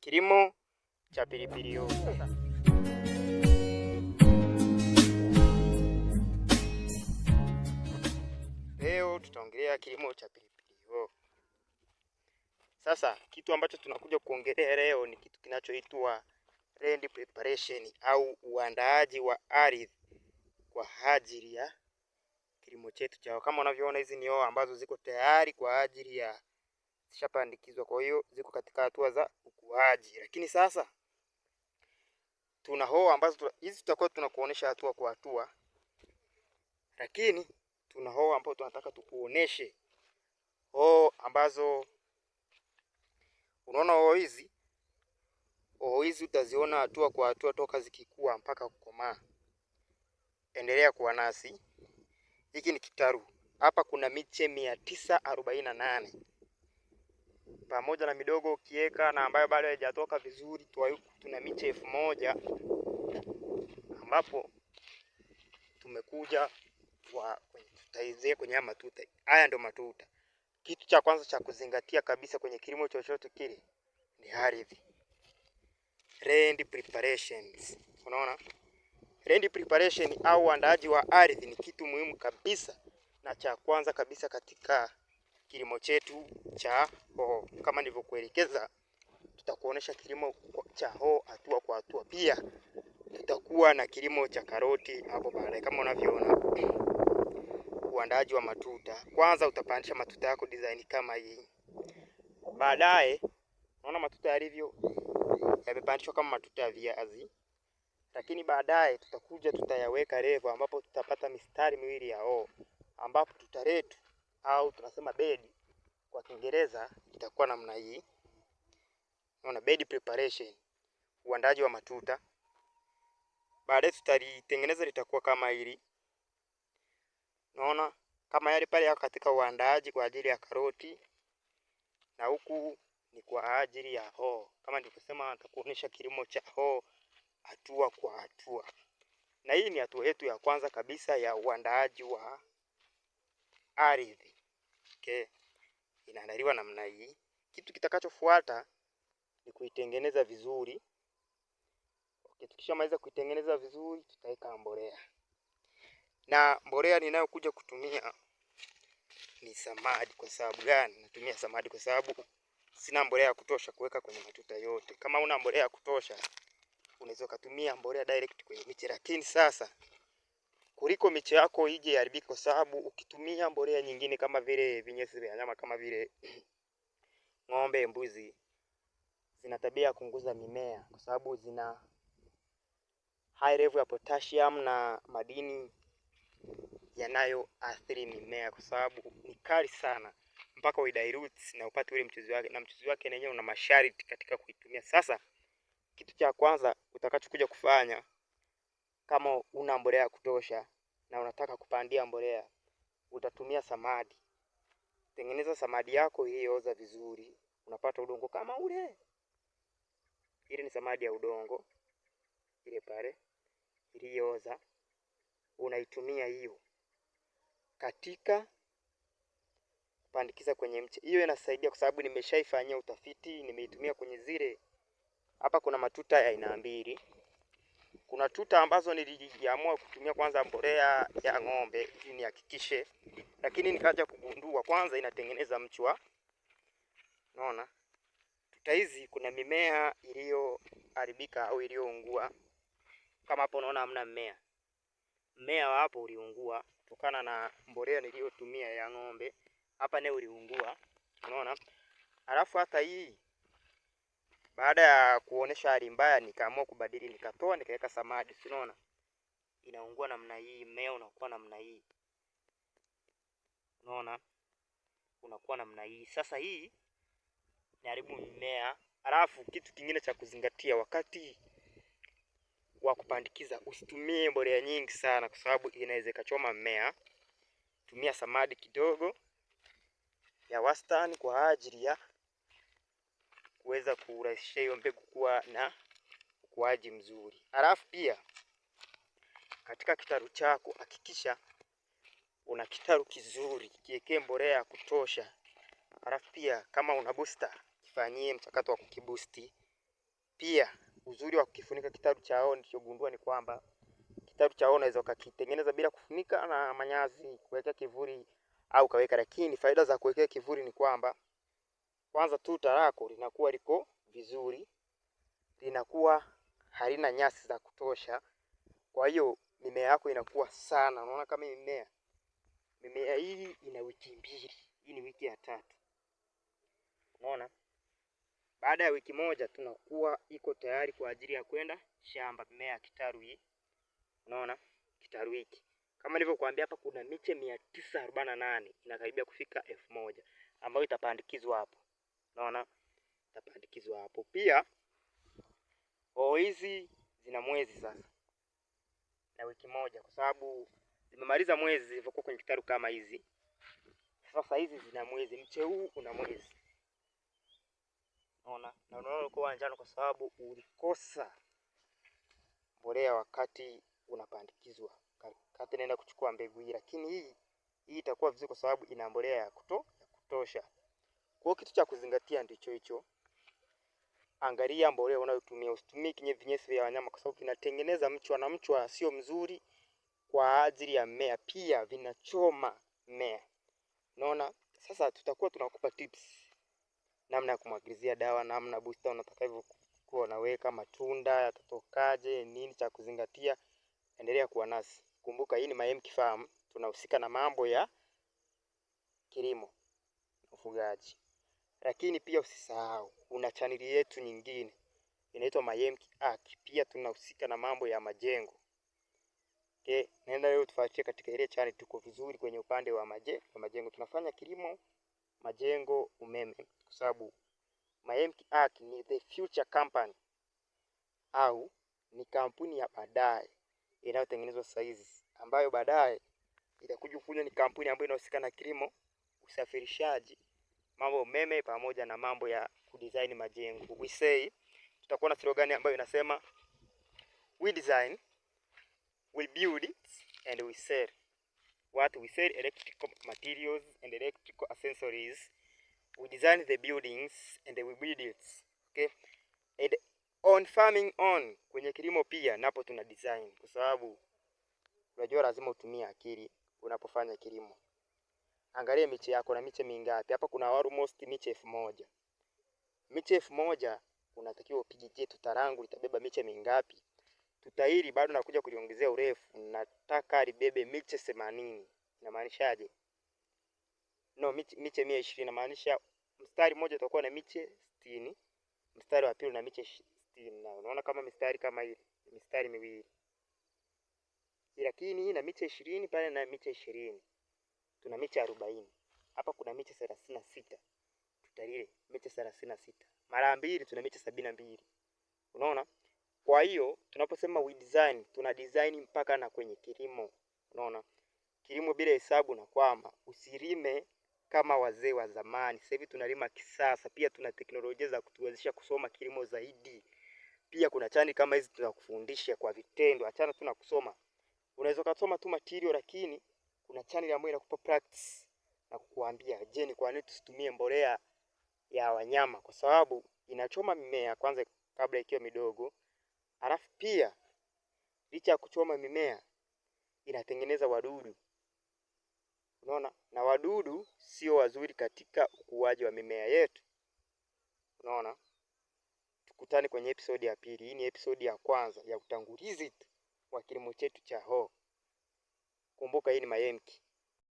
kilimo cha pilipili hoho. Leo tutaongelea kilimo cha pilipili hoho. Sasa kitu ambacho tunakuja kuongelea leo ni kitu kinachoitwa land preparation au uandaaji wa ardhi kwa ajili ya kilimo chetu chao. Kama unavyoona hizi ni hoho ambazo ziko tayari kwa ajili ya zishapandikizwa, kwa hiyo ziko katika hatua za ukuaji. Lakini sasa tuna hoho ambazo hizi tutakuwa tunakuonesha hatua kwa hatua, lakini tuna hoho ambazo tunataka tukuoneshe hoho ambazo unaona hoho hizi hoho hizi utaziona hatua kwa hatua toka zikikua mpaka kukomaa. Endelea kuwa nasi. Hiki ni kitaru. Hapa kuna miche mia tisa arobaini na nane pamoja na midogo ukieka na ambayo bado haijatoka vizuri, tuna miche elfu moja ambapo tumekuja kwa tutaizie kwenye haya matuta. Haya ndio matuta. Kitu cha kwanza cha kuzingatia kabisa kwenye kilimo chochote kile ni ardhi. Land preparations. Unaona? Land preparation au uandaaji wa ardhi ni kitu muhimu kabisa na cha kwanza kabisa katika kilimo chetu cha hoho. Kama nilivyokuelekeza, tutakuonesha kilimo cha hoho hatua kwa hatua. Pia tutakuwa na kilimo cha karoti hapo baadaye. Kama unavyoona, uandaaji wa matuta, kwanza utapandisha matuta yako design kama hii. Baadaye unaona matuta yalivyo, yamepandishwa kama matuta ya viazi lakini baadaye tutakuja tutayaweka revu, ambapo tutapata mistari miwili ya hoho, ambapo tuta au tunasema bed kwa Kiingereza itakuwa namna hii. Unaona, bed preparation, uandaji wa matuta. Baadaye tutalitengeneza litakuwa kama hili. Unaona kama yale pale yako katika uandaaji kwa ajili ya karoti, na huku ni kwa ajili ya hoho. Kama nilivyosema, nitakuonyesha kilimo cha hoho hatua kwa hatua, na hii ni hatua yetu ya kwanza kabisa ya uandaaji wa ardhi. Okay. Inaandaliwa namna hii. Kitu kitakachofuata ni kuitengeneza vizuri. Okay, tukishamaliza kuitengeneza vizuri tutaweka mbolea. Na mbolea ninayokuja kutumia ni samadi. Kwa sababu gani? Natumia samadi kwa sababu sina mbolea ya kutosha kuweka kwenye matuta yote. Kama una mbolea ya kutosha, unaweza ukatumia mbolea direct kwenye miche, lakini sasa kuliko miche yako ije iharibike, kwa sababu ukitumia mbolea nyingine kama vile vinyesi vya nyama kama vile ng'ombe, mbuzi, zina tabia ya kuunguza mimea kwa sababu zina high level ya potassium na madini yanayoathiri mimea, kwa sababu ni kali sana mpaka uidirute na upate ule mchuzi wake, na mchuzi wake wenyewe una masharti katika kuitumia. Sasa kitu cha kwanza utakachokuja kufanya kama una mbolea ya kutosha na unataka kupandia mbolea, utatumia samadi. Tengeneza samadi yako iliyooza vizuri, unapata udongo kama ule. Ile ni samadi ya udongo ile pale iliyooza, unaitumia hiyo katika kupandikiza kwenye mche. Hiyo inasaidia kwa sababu nimeshaifanyia utafiti, nimeitumia kwenye zile. Hapa kuna matuta ya aina mbili. Kuna tuta ambazo nilijiamua kutumia kwanza mbolea ya ng'ombe ili nihakikishe, lakini nikaja kugundua kwanza inatengeneza mchwa. Unaona, tuta hizi kuna mimea iliyoharibika au iliyoungua. Kama hapo unaona hamna mmea, mmea hapo uliungua kutokana na mbolea niliyotumia ya ng'ombe. Hapa naye uliungua, unaona. Alafu hata hii baada ya kuonesha hali mbaya, nikaamua kubadili, nikatoa nikaweka samadi. Si unaona inaungua namna hii, mmea unakuwa namna hii, unaona unakuwa namna hii. Sasa hii niharibu mimea. Alafu kitu kingine cha kuzingatia wakati wa kupandikiza, usitumie mbolea nyingi sana, kwa sababu inaweza ikachoma mmea. Tumia samadi kidogo ya wastani kwa ajili ya kuweza kurahisisha hiyo mbegu kuwa na ukuaji mzuri. Halafu pia katika kitaru chako hakikisha una kitaru kizuri, kiwekee mbolea ya kutosha. Halafu pia kama una booster, kifanyie mchakato wa kukibusti. Pia uzuri wa kukifunika kitaru chao, nilichogundua ni kwamba kitaru chao unaweza ukakitengeneza bila kufunika na manyazi, kuwekea kivuli au kaweka, lakini faida za kuwekea kivuli ni kwamba kwanza tuta lako linakuwa liko vizuri, linakuwa halina nyasi za kutosha, kwa hiyo mimea yako inakuwa sana. Unaona kama mimea mimea hii ina wiki mbili, hii ni wiki ya tatu. Unaona, baada ya wiki moja tunakuwa iko tayari kwa ajili ya kwenda shamba, mimea ya kitaru hii. Unaona kitaru hiki kama nilivyokuambia hapa kuna miche mia tisa arobaini na nane inakaribia kufika elfu moja ambayo itapandikizwa hapo. Unaona, itapandikizwa hapo. Pia oo hizi zina mwezi sasa na wiki moja, kwa sababu zimemaliza mwezi zilivyokuwa kwenye kitaru kama hizi. Sasa hizi zina mwezi, mche huu una mwezi. Unaona, na unaona ulikuwa njano kwa sababu ulikosa mbolea wakati unapandikizwa, kati naenda kuchukua mbegu hii, lakini hii hii itakuwa vizuri kwa sababu ina mbolea ya kuto, ya kutosha. Kwa kitu cha kuzingatia ndicho hicho. Angalia mbolea unayotumia, usitumie vinyesi vya wanyama kwa sababu vinatengeneza mchwa, na mchwa sio mzuri kwa ajili ya mmea, pia vinachoma mmea. Unaona, sasa tutakuwa tunakupa tips namna ya kumwagilizia dawa, namna booster kuwa unaweka, matunda yatatokaje, nini cha kuzingatia. Endelea kuwa nasi. Kumbuka hii ni Mahemki Farm, tunahusika na mambo ya kilimo, ufugaji. Lakini pia usisahau kuna chaneli yetu nyingine inaitwa Mayemki Ark, pia tunahusika na mambo ya majengo. Okay, naenda leo tufuatie katika ile chaneli, tuko vizuri kwenye upande wa maje, wa majengo. Tunafanya kilimo, majengo, umeme kwa sababu Mayemki Ark ni the future company au ni kampuni ya baadaye inayotengenezwa sasa hizi ambayo baadaye itakuja kuja ni kampuni ambayo inahusika na kilimo, usafirishaji mambo ya umeme pamoja na mambo ya kudesign majengo. We say tutakuwa na slogan ambayo inasema we design, we build and we sell. What we sell electrical materials and electrical accessories. We design the buildings and we build it. Okay? And on farming on, kwenye kilimo pia napo tuna design kwa sababu unajua lazima utumie akili unapofanya kilimo. Angalia miche yako na miche mingapi. Hapa kuna almost miche elfu moja. Miche elfu moja unatakiwa upige, je, tuta langu litabeba miche mingapi? Tuta hili bado nakuja kuliongezea urefu, nataka libebe miche themanini. Inamaanishaje? No, miche, miche mia ishirini. Inamaanisha mstari mmoja utakuwa na miche sitini, mstari wa pili na miche sitini. Na unaona kama mistari kama hili, mistari miwili, lakini na miche ishirini pale na miche ishirini tuna miche arobaini hapa kuna miche thelathini na sita tutalile miche thelathini na sita mara mbili tuna miche sabini na mbili unaona kwa hiyo tunaposema we design tuna design mpaka na kwenye kilimo unaona kilimo bila hesabu na kwamba usilime kama wazee wa zamani. Sasa hivi tunalima kisasa, pia tuna teknolojia za kutuwezesha kusoma kilimo zaidi. Pia kuna chani kama hizi tunakufundisha kwa vitendo, achana tu na kusoma. Unaweza ukasoma tu material, lakini kuna channel ambayo inakupa practice na kukuambia, je, ni kwa nini tusitumie mbolea ya wanyama? Kwa sababu inachoma mimea kwanza kabla ikiwa midogo, alafu pia licha ya kuchoma mimea inatengeneza wadudu, unaona, na wadudu sio wazuri katika ukuaji wa mimea yetu, unaona. Tukutane kwenye episodi ya pili. Hii ni episodi ya kwanza ya utangulizi wa kilimo chetu cha hoho. Kumbuka hii ni Mayemki.